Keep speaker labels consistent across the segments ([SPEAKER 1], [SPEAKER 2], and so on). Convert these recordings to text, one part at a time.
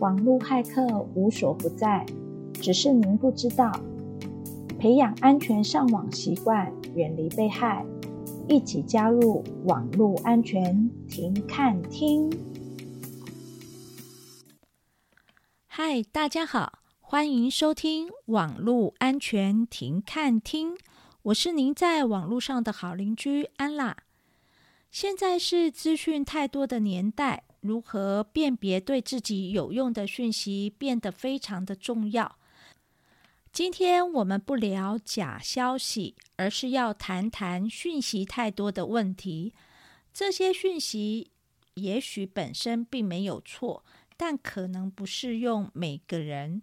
[SPEAKER 1] 網絡駭客無所不在，只是您不知道。培養安全上網習慣，遠離被害，一起加入網絡安全停看廳。嗨，大家好，歡迎收聽網絡安全停看廳。我是您在網絡上的好鄰居安娜。現在是資訊太多的年代。如何辨別對自己有用的訊息變得非常的重要。今天我們不聊假消息，而是要談談訊息太多的問題。這些訊息也許本身並沒有錯，但可能不適用每個人。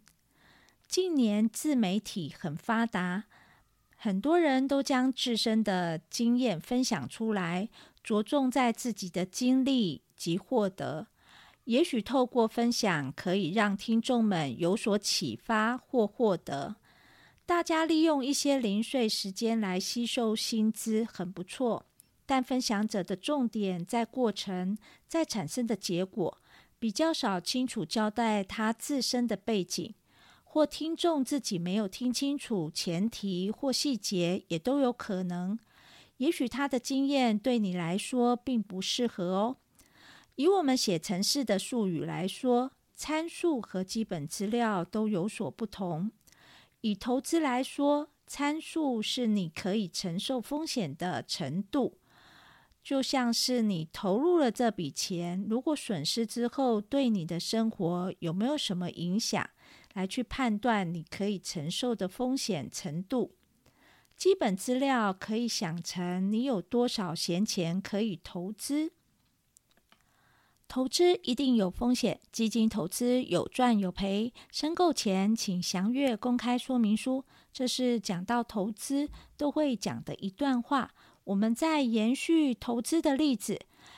[SPEAKER 1] 近年自媒體很發達，很多人都將自身的經驗分享出來，着重在自己的經歷。及獲得，也許透過分享可以讓聽眾們有所啟發或獲得。大家利用一些零碎時間來吸收新知很不錯。但分享者的重點在過程，在產生的結果，比較少清楚交代他自身的背景，或聽眾自己沒有聽清楚前提或細節，也都有可能。也許他的經驗對你來說並不適合哦。以我們寫程式的術語來說，參數和基本資料都有所不同。以投資來說，參數是你可以承受風險的程度，就像是你投入了這筆錢，如果損失之後對你的生活有沒有什麼影響，來去判斷你可以承受的風險程度。基本資料可以想成你有多少閒錢可以投資。投資一定有風險，基金投資有賺有賠。申購前請詳閱公開說明書。這是講到投資都會講的一段話。我們再延續投資的例子，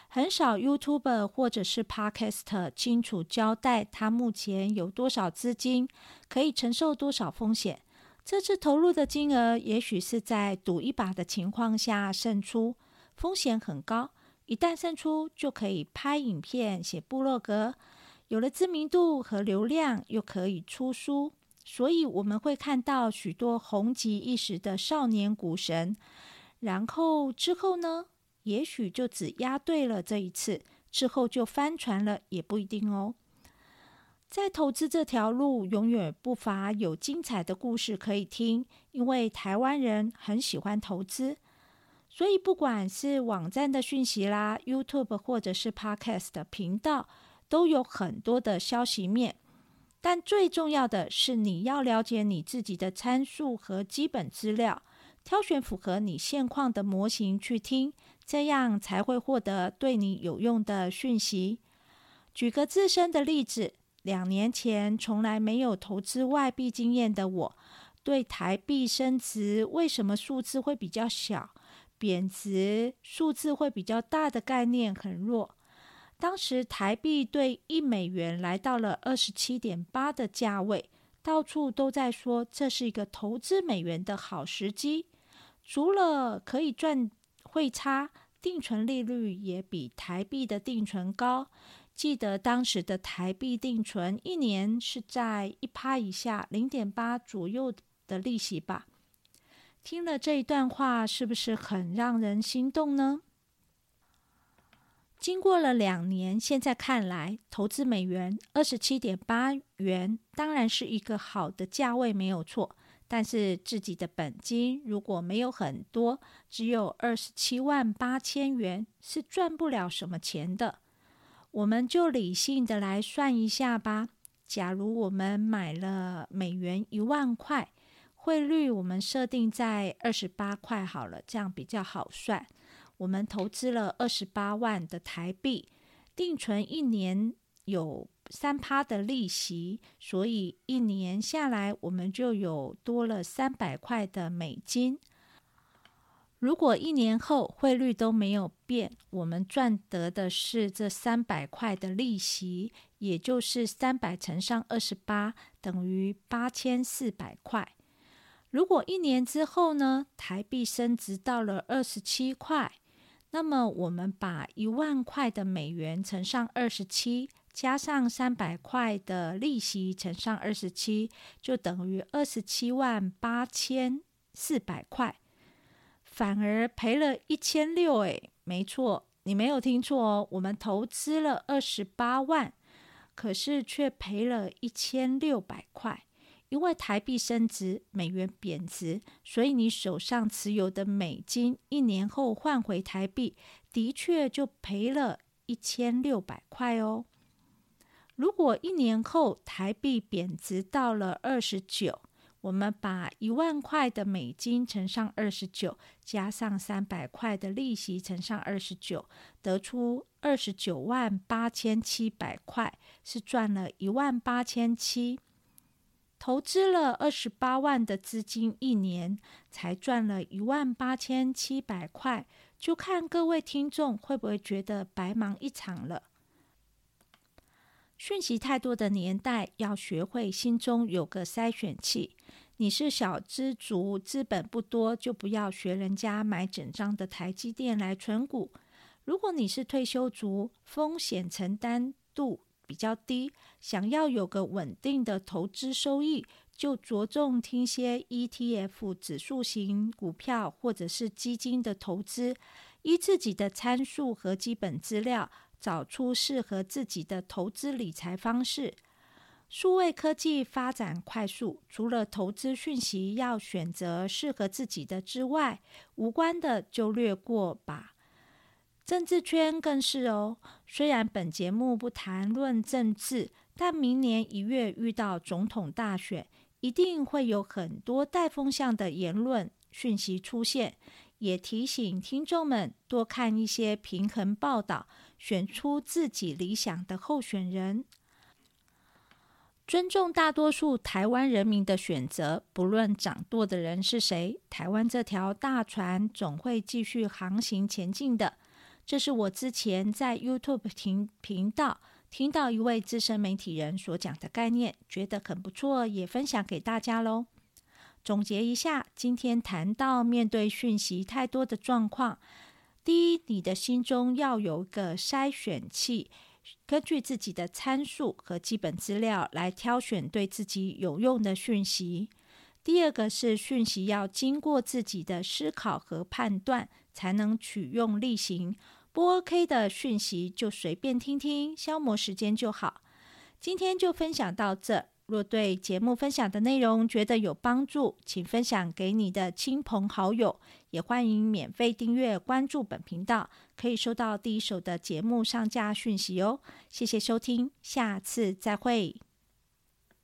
[SPEAKER 1] 很少 YouTuber 或者是 Podcast 清楚交代他目前有多少資金，可以承受多少風險。這次投入的金額，也許是在賭一把的情況下勝出，風險很高。一旦勝出，就可以拍影片、寫部落格，有了知名度和流量，又可以出書。所以我們會看到許多紅極一時的少年股神。然後之後呢？也許就只押對了這一次，之後就翻船了，也不一定哦。在投資這條路，永遠不乏有精彩的故事可以聽，因為台灣人很喜歡投資。所以，不管是網站的訊息啦，YouTube 或者是 Podcast 的頻道，都有很多的消息面。但最重要的是，你要了解你自己的參數和基本資料，挑選符合你現況的模型去聽，這樣才會獲得對你有用的訊息。舉個自身的例子，兩年前從來沒有投資外幣經驗的我，對台幣升值為什麼數字會比較小？貶值數字會比較大的概念很弱。當時台幣兌一美元來到了二十七點八的價位，到處都在說這是一個投資美元的好時機。除了可以賺匯差，定存利率也比台幣的定存高。記得當時的台幣定存一年是在一趴以下，零點八左右的利息吧。聽了這一段話，是不是很讓人心動呢？經過了兩年，現在看來，投資美元二十七點八元當然是一個好的價位，沒有錯。但是自己的本金如果沒有很多，只有二十七萬八千元，是賺不了什麼錢的。我們就理性的來算一下吧。假如我們買了美元一萬塊。匯率我們設定在二十八塊好了，這樣比較好算。我們投資了二十八萬的台幣，定存一年有三趴的利息，所以一年下來我們就有多了三百塊的美金。如果一年後匯率都沒有變，我們賺得的是這三百塊的利息，也就是三百乘上二十八等於八千四百塊。如果一年之後呢，台幣升值到了二十七塊，那麼我們把一萬塊的美元乘上二十七，加上三百塊的利息乘上二十七，就等於二十七萬八千四百塊，反而賠了一千六。誒，沒錯，你沒有聽錯哦，我們投資了二十八萬，可是卻賠了一千六百塊。因為台幣升值，美元貶值，所以你手上持有的美金一年後換回台幣，的確就賠了一千六百塊哦。如果一年後台幣貶值到了二十九，我們把一萬塊的美金乘上二十九，加上三百塊的利息乘上二十九，得出二十九萬八千七百塊，是賺了一萬八千七。投資了二十八萬的資金，一年才賺了一萬八千七百塊，就看各位聽眾會不會覺得白忙一場了。訊息太多的年代，要學會心中有個篩選器。你是小資族，資本不多，就不要學人家買整張的台積電來存股。如果你是退休族，風險承擔度。比較低，想要有個穩定的投資收益，就着重聽些 ETF 指數型股票或者是基金的投資，依自己的參數和基本資料，找出適合自己的投資理財方式。數位科技發展快速，除了投資訊息要選擇適合自己的之外，無關的就略過吧。政治圈更是哦。雖然本節目不談論政治，但明年一月遇到總統大選，一定會有很多帶風向的言論訊息出現。也提醒聽眾們多看一些平衡報道，選出自己理想的候選人。尊重大多數台灣人民的選擇。不論掌舵的人是誰，台灣這條大船總會繼續航行前進的。這是我之前在 YouTube 頻頻道聽到一位資深媒體人所講的概念，覺得很不錯，也分享給大家嘍。總結一下，今天談到面對訊息太多的狀況，第一，你的心中要有一個篩選器，根據自己的參數和基本資料來挑選對自己有用的訊息；第二個是訊息要經過自己的思考和判斷，才能取用厲行。不 OK 的訊息就隨便聽聽，消磨時間就好。今天就分享到這。若對節目分享的內容覺得有幫助，請分享給你的親朋好友。也歡迎免費訂閱關注本頻道，可以收到第一手的節目上架訊息哦。謝謝收聽，下次再會。